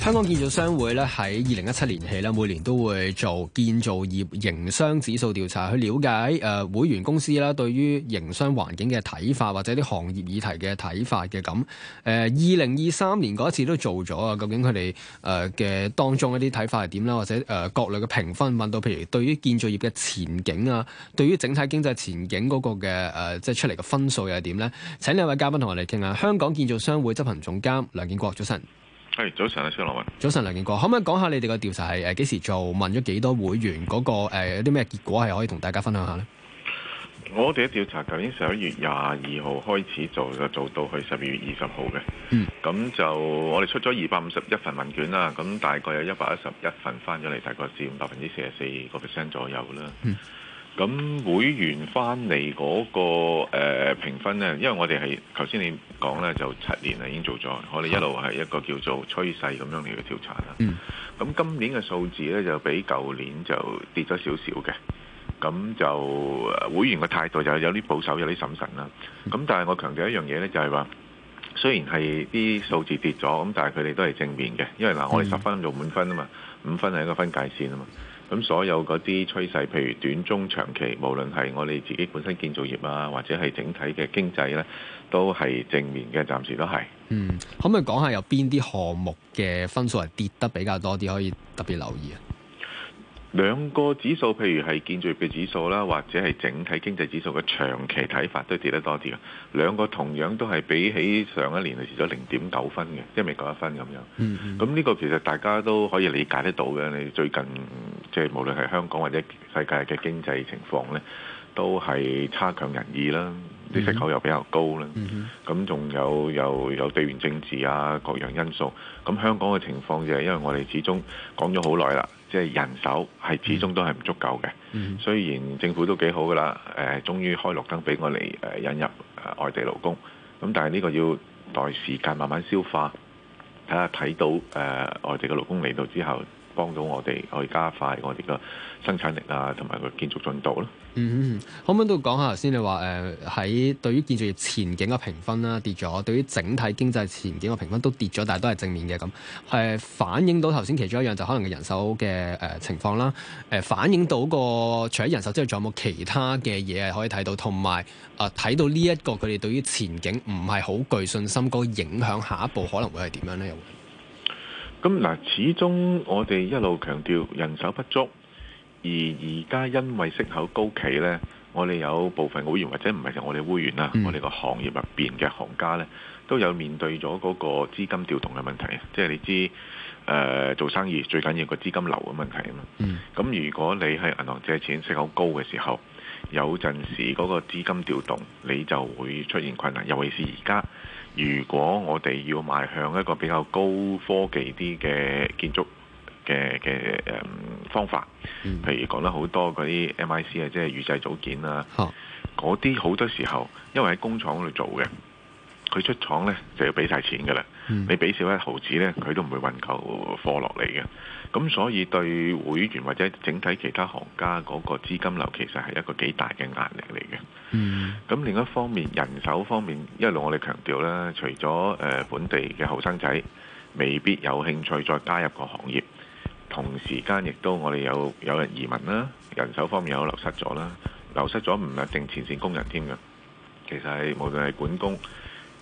香港建造商會咧喺二零一七年起咧，每年都會做建造業營商指數調查，去了解誒、呃、會員公司啦，對於營商環境嘅睇法，或者啲行業議題嘅睇法嘅咁。誒，二零二三年嗰次都做咗啊，究竟佢哋誒嘅當中一啲睇法係點啦，或者誒、呃、各類嘅評分，問到譬如對於建造業嘅前景啊，對於整體經濟前景嗰個嘅誒、呃，即係出嚟嘅分數又係點呢？請兩位嘉賓同我哋傾下，香港建造商會執行總監梁敬國，早晨。係，hey, 早晨啊，孫羅文。早晨，梁敬國，可唔可以講下你哋個調查係誒幾時做，問咗幾多會員嗰、那個誒有啲咩結果係可以同大家分享下呢？我哋嘅調查，舊年十一月廿二號開始做，就做到去十二月二十號嘅。嗯，咁就我哋出咗二百五十一份問卷啦，咁大概有一百一十一份翻咗嚟，大概佔百分之四十四個 percent 左右啦。嗯咁會員翻嚟嗰個誒、呃、評分呢，因為我哋係頭先你講呢，就七年啦已經做咗，我哋一路係一個叫做趨勢咁樣嚟嘅調查啦。咁、嗯、今年嘅數字呢，就比舊年就跌咗少少嘅，咁就會員嘅態度就有啲保守，有啲審慎啦。咁但係我強調一樣嘢呢，就係話雖然係啲數字跌咗，咁但係佢哋都係正面嘅，因為嗱、呃、我哋十分做滿分啊嘛，五分係一個分界線啊嘛。咁所有嗰啲趨勢，譬如短、中、長期，無論係我哋自己本身建造業啊，或者係整體嘅經濟咧，都係正面嘅，暫時都係。嗯，可唔可以講下有邊啲項目嘅分數係跌得比較多啲，可以特別留意啊？兩個指數，譬如係建築業嘅指數啦，或者係整體經濟指數嘅長期睇法，都跌得多啲嘅。兩個同樣都係比起上一年嚟跌咗零點九分嘅，即係未夠一分咁樣。咁呢、嗯嗯、個其實大家都可以理解得到嘅。你最近即係無論係香港或者世界嘅經濟情況咧，都係差強人意啦。啲息、mm hmm. 口又比較高啦，咁仲、mm hmm. 有又又地緣政治啊各樣因素，咁香港嘅情況就係因為我哋始終講咗好耐啦，即、就、係、是、人手係始終都係唔足夠嘅，mm hmm. 雖然政府都幾好噶啦，誒終於開綠燈俾我嚟誒引入外地勞工，咁但係呢個要待時間慢慢消化，睇下睇到誒、呃、外地嘅勞工嚟到之後，幫到我哋去加快我哋嘅生產力啊，同埋個建築進度咯、嗯。嗯，可唔可以都講下頭先你話誒喺對於建造業前景嘅評分啦，跌咗；對於整體經濟前景嘅評分都跌咗，但係都係正面嘅咁。誒、呃、反映到頭先其中一樣就可能嘅人手嘅誒情況啦。誒、呃、反映到個除咗人手之外，仲有冇其他嘅嘢係可以睇到？同埋啊，睇、呃、到呢、這、一個佢哋對於前景唔係好具信心，嗰個影響下一步可能會係點樣咧？又？咁嗱，始終我哋一路強調人手不足，而而家因為息口高企咧，我哋有部分會員或者唔係就我哋會員啦，我哋個行業入邊嘅行家咧，都有面對咗嗰個資金調動嘅問題，即係你知，誒、呃、做生意最緊要個資金流嘅問題啊嘛。咁、嗯、如果你喺銀行借錢息口高嘅時候，有陣時嗰個資金調動，你就會出現困難，尤其是而家。如果我哋要邁向一個比較高科技啲嘅建築嘅嘅誒方法，嗯、譬如講得好多嗰啲 M I C 啊，即係預製組件啦，嗰啲好多時候，因為喺工廠嗰度做嘅。佢出廠呢就要俾晒錢㗎啦，mm. 你俾少一毫子呢，佢都唔會運夠貨落嚟嘅。咁所以對會員或者整體其他行家嗰個資金流其實係一個幾大嘅壓力嚟嘅。咁、mm. 另一方面，人手方面一路我哋強調啦，除咗誒本地嘅後生仔未必有興趣再加入個行業，同時間亦都我哋有有人移民啦，人手方面有流失咗啦，流失咗唔一定前線工人添嘅，其實係無論係管工。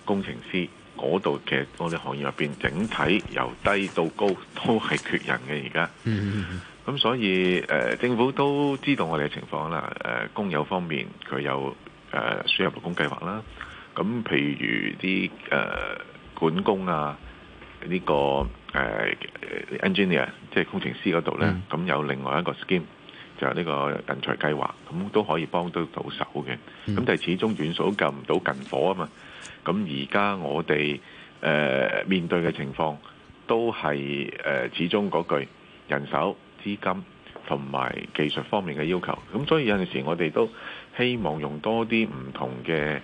工程師嗰度嘅我哋行業入邊整體由低到高都係缺人嘅而家，咁所以誒、呃、政府都知道我哋嘅情況啦。誒、呃、工友方面佢有誒輸、呃、入勞工計劃啦，咁譬如啲誒、呃、管工啊，呢、這個誒、呃、engineer 即係工程師嗰度呢，咁、mm. 有另外一個 scheme 就係呢個人才計劃，咁都可以幫到到手嘅。咁但係始終遠水救唔到近火啊嘛。咁而家我哋誒面對嘅情況都係誒始終嗰句人手、資金同埋技術方面嘅要求。咁所以有陣時我哋都希望用多啲唔同嘅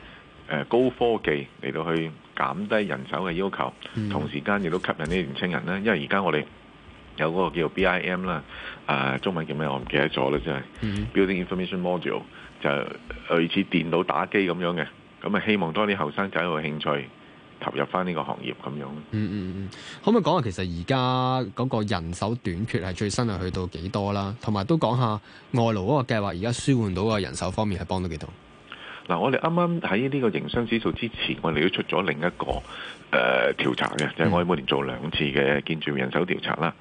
誒高科技嚟到去減低人手嘅要求，同時間亦都吸引啲年青人咧。因為而家我哋有嗰個叫做 BIM 啦，誒中文叫咩？我唔記得咗啦，即係 Building Information Module，就類似電腦打機咁樣嘅。咁啊，希望多啲後生仔有興趣投入翻呢個行業咁樣。嗯嗯嗯，可唔可以講下其實而家嗰個人手短缺係最新係去到幾多啦？同埋都講下外勞嗰個計劃而家舒緩到個人手方面係幫到幾多？嗱、嗯，我哋啱啱喺呢個營商指數之前，我哋都出咗另一個誒、呃、調查嘅，就係、是、我哋每年做兩次嘅建築人手調查啦。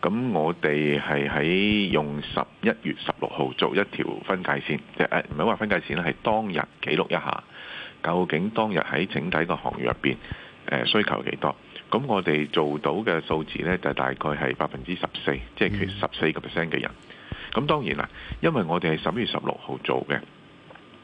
咁、嗯、我哋係喺用十一月十六號做一條分界線，即係誒唔係話分界線啦，係當日記錄一下。究竟當日喺整體個行業入邊，誒、呃、需求幾多？咁我哋做到嘅數字呢，就大概係百分之十四，即係缺十四個 percent 嘅人。咁、mm. 當然啦，因為我哋係十月十六號做嘅，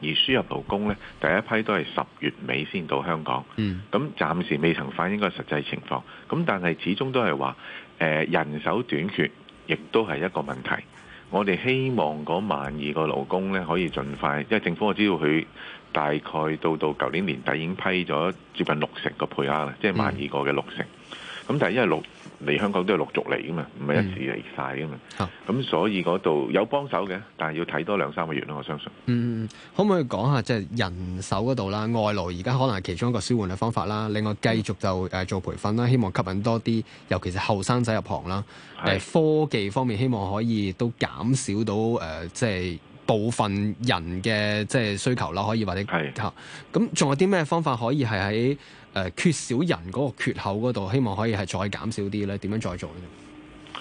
而輸入勞工呢，第一批都係十月尾先到香港。嗯，咁暫時未曾反映個實際情況。咁但係始終都係話、呃，人手短缺，亦都係一個問題。我哋希望嗰萬二個勞工呢，可以盡快，因為政府我知道佢。大概到到舊年年底已經批咗接近六成個配額啦，即係萬二個嘅六成。咁、嗯、但係因為陸嚟香港都係陸續嚟嘅嘛，唔係一次嚟晒嘅嘛。咁、嗯、所以嗰度有幫手嘅，但係要睇多兩三個月咯。我相信。嗯，可唔可以講下即係、就是、人手嗰度啦？外勞而家可能係其中一個舒緩嘅方法啦。另外繼續就誒做培訓啦，希望吸引多啲，尤其是後生仔入行啦。係是的、呃、科技方面，希望可以都減少到誒、呃、即係。部分人嘅，即係需求啦，可以或者係嚇。咁，仲是有啲咩方法可以係喺誒缺少人嗰個缺口嗰度，希望可以係再減少啲咧？點樣再做咧？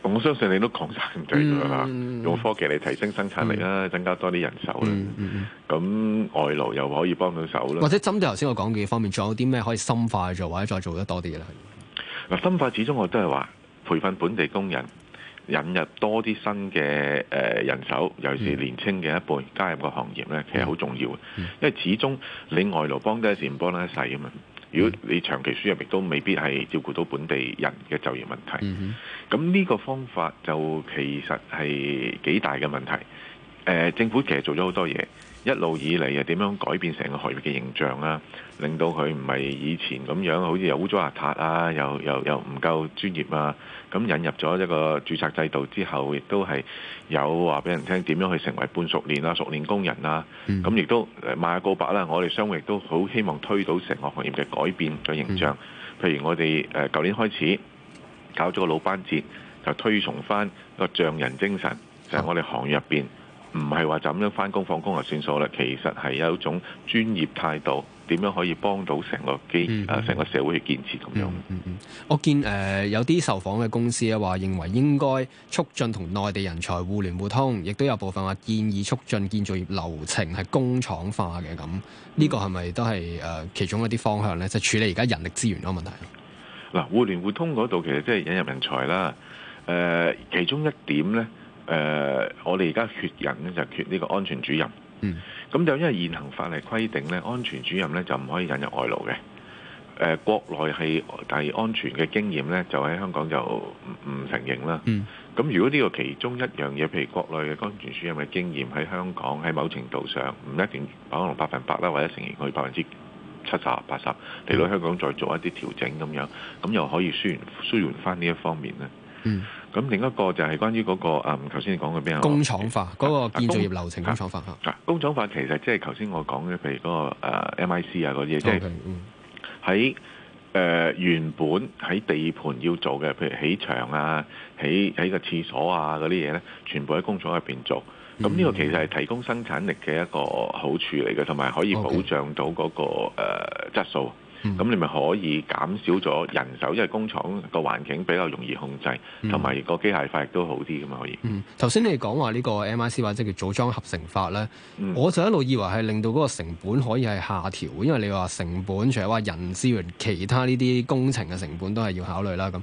我相信你都講曬唔多，用科技嚟提升生產力啦，嗯、增加多啲人手啦。咁、嗯、外勞又可以幫到手啦。或者針對頭先我講嘅方面，仲有啲咩可以深化做，或者再做得多啲咧？嗱，深化始終我都係話培訓本地工人。引入多啲新嘅誒人手，尤其是年青嘅一輩、嗯、加入個行業咧，其實好重要嘅。嗯、因為始終你外勞幫得一時，唔幫得一世嘅嘛。如果你長期輸入，亦都未必係照顧到本地人嘅就業問題，咁呢、嗯嗯、個方法就其實係幾大嘅問題。呃、政府其實做咗好多嘢，一路以嚟又點樣改變成個行業嘅形象啊，令到佢唔係以前咁樣，好似又污糟邋遢啊，又又唔夠專業啊。咁引入咗一個註冊制度之後，亦都係有話俾人聽點樣去成為半熟練啊、熟練工人啊。咁亦、嗯、都賣下告白啦。我哋商會亦都好希望推到成個行業嘅改變嘅形象。嗯、譬如我哋誒舊年開始搞咗個老班節，就推崇翻個匠人精神，就係、是、我哋行業入邊。唔係話就咁樣返工放工就算數啦，其實係有一種專業態度，點樣可以幫到成個基啊成個社會嘅建設咁樣、嗯？嗯嗯，我見誒、呃、有啲受訪嘅公司咧話認為應該促進同內地人才互聯互通，亦都有部分話建議促進建造業流程係工廠化嘅咁。呢個係咪都係誒其中一啲方向呢？即、就、係、是、處理而家人力資源嗰個問題嗱、呃，互聯互通嗰度其實即係引入人才啦。誒、呃，其中一點呢。誒，uh, 我哋而家缺人咧，就缺呢個安全主任。嗯，咁就因為現行法例規定咧，安全主任咧就唔可以引入外勞嘅。誒、呃，國內係大安全嘅經驗咧，就喺香港就唔唔承認啦。咁、mm. 如果呢個其中一樣嘢，譬如國內嘅安全主任嘅經驗喺香港，喺某程度上唔一定可能百分百啦，或者承認佢百分之七十八十，嚟到、mm. 香港再做一啲調整咁樣，咁又可以舒緩舒緩翻呢一方面咧。嗯。Mm. 咁另一個就係關於嗰、嗰個誒，頭、嗯、先你講嘅邊啊？工廠化嗰個建造業流程。工廠化、啊啊、工廠化其實即係頭先我講嘅，譬如嗰個 MIC 啊嗰啲，即係喺誒原本喺地盤要做嘅，譬如起牆啊、起起個廁所啊嗰啲嘢咧，全部喺工廠入邊做。咁呢、嗯、個其實係提供生產力嘅一個好處嚟嘅，同埋可以保障到嗰、嗰個誒 okay,、uh, 質素。咁、嗯、你咪可以減少咗人手，因為工廠個環境比較容易控制，同埋個機械化亦都好啲噶嘛可以。頭先、嗯、你講話呢個 M I C 話即係叫組裝合成法咧，嗯、我就一路以為係令到嗰個成本可以係下調，因為你話成本，除咗話人資其他呢啲工程嘅成本都係要考慮啦。咁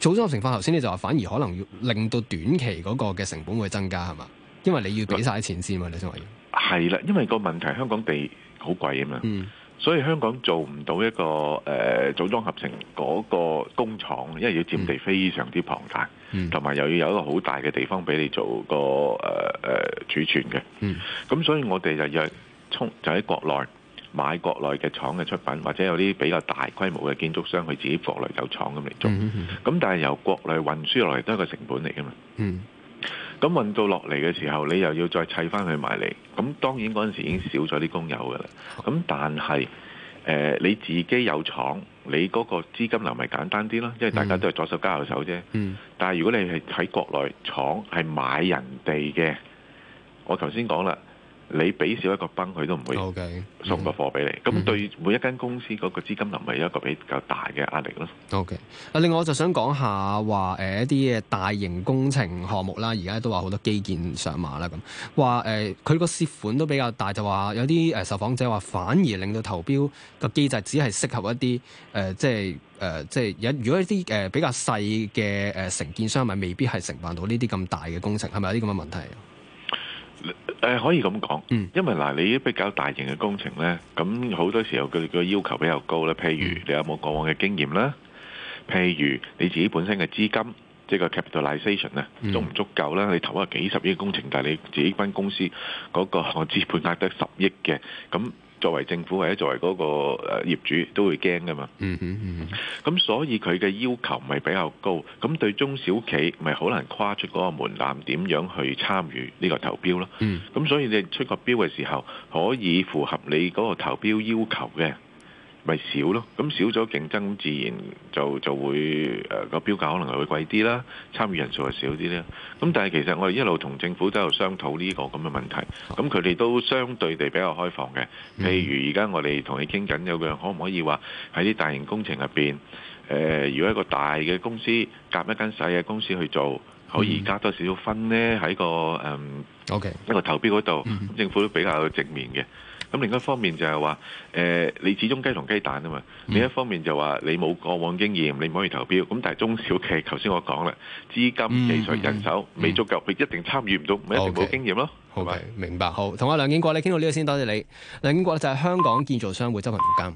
組裝合成法頭先你就話反而可能要令到短期嗰個嘅成本會增加係嘛？因為你要俾晒錢先嘛，嗯、你認為？係啦，因為個問題香港地好貴啊嘛。嗯所以香港做唔到一個誒、呃、組裝合成嗰個工廠，因為要佔地非常之龐大，同埋又要有一個好大嘅地方俾你做個誒誒、呃、儲存嘅。咁、嗯、所以我哋日日充就喺國內買國內嘅廠嘅出品，或者有啲比較大規模嘅建築商佢自己喺國內有廠咁嚟做。咁、嗯嗯嗯、但係由國內運輸落嚟都係一個成本嚟㗎嘛。嗯咁運到落嚟嘅時候，你又要再砌翻去埋嚟。咁當然嗰陣時已經少咗啲工友噶啦。咁但係誒、呃，你自己有廠，你嗰個資金流咪簡單啲咯，因為大家都係左手交右手啫。但係如果你係喺國內廠係買人哋嘅，我頭先講啦。你俾少一個崩，佢都唔會送個貨俾你。咁 Okay. 對每一間公司嗰個資金流，係一個比較大嘅壓力咯。OK。啊，另外我就想講下話誒一啲嘅大型工程項目啦，而家都話好多基建上馬啦，咁話誒佢個涉款都比較大，就話有啲誒受訪者話反而令到投標個機制只係適合一啲誒、呃、即係誒、呃、即係如果一啲誒比較細嘅誒承建商，咪未必係承辦到呢啲咁大嘅工程，係咪有啲咁嘅問題？誒可以咁講，嗯、因為嗱，你比較大型嘅工程呢，咁好多時候佢個要求比較高咧。譬如你有冇過往嘅經驗啦？譬如你自己本身嘅資金，即係個 capitalization 呢，足唔足夠啦？你投咗幾十億工程，但係你自己間公司嗰個資本額得十億嘅咁。作為政府或者作為嗰個誒業主都會驚㗎嘛，嗯嗯嗯，咁 所以佢嘅要求咪比較高，咁對中小企咪好難跨出嗰個門檻，點樣去參與呢個投標咯？嗯，咁 所以你出個標嘅時候，可以符合你嗰個投標要求嘅。咪少咯，咁少咗競爭，自然就就會誒個、呃、標價可能係會貴啲啦，參與人數又少啲咧。咁但係其實我哋一路同政府都有商討呢個咁嘅問題，咁佢哋都相對地比較開放嘅。譬如而家我哋同你傾緊有個，可唔可以話喺啲大型工程入邊，誒、呃、如果一個大嘅公司夾一間細嘅公司去做，可以加多少少分呢？喺個誒，O K 一個投標嗰度，政府都比較有正面嘅。咁另一方面就係話，誒、呃、你始終雞同雞蛋啊嘛。嗯、另一方面就話你冇過往經驗，你唔可以投標。咁但係中小企，頭先我講啦，資金、技術、人手、嗯、未足夠，佢、嗯、一定參與唔到，唔一定冇經驗咯。好咪 Okay. 吧、okay. 明白？好，同阿梁建國你傾到呢個先，多謝你。梁敬國就係香港建造商會執行總監。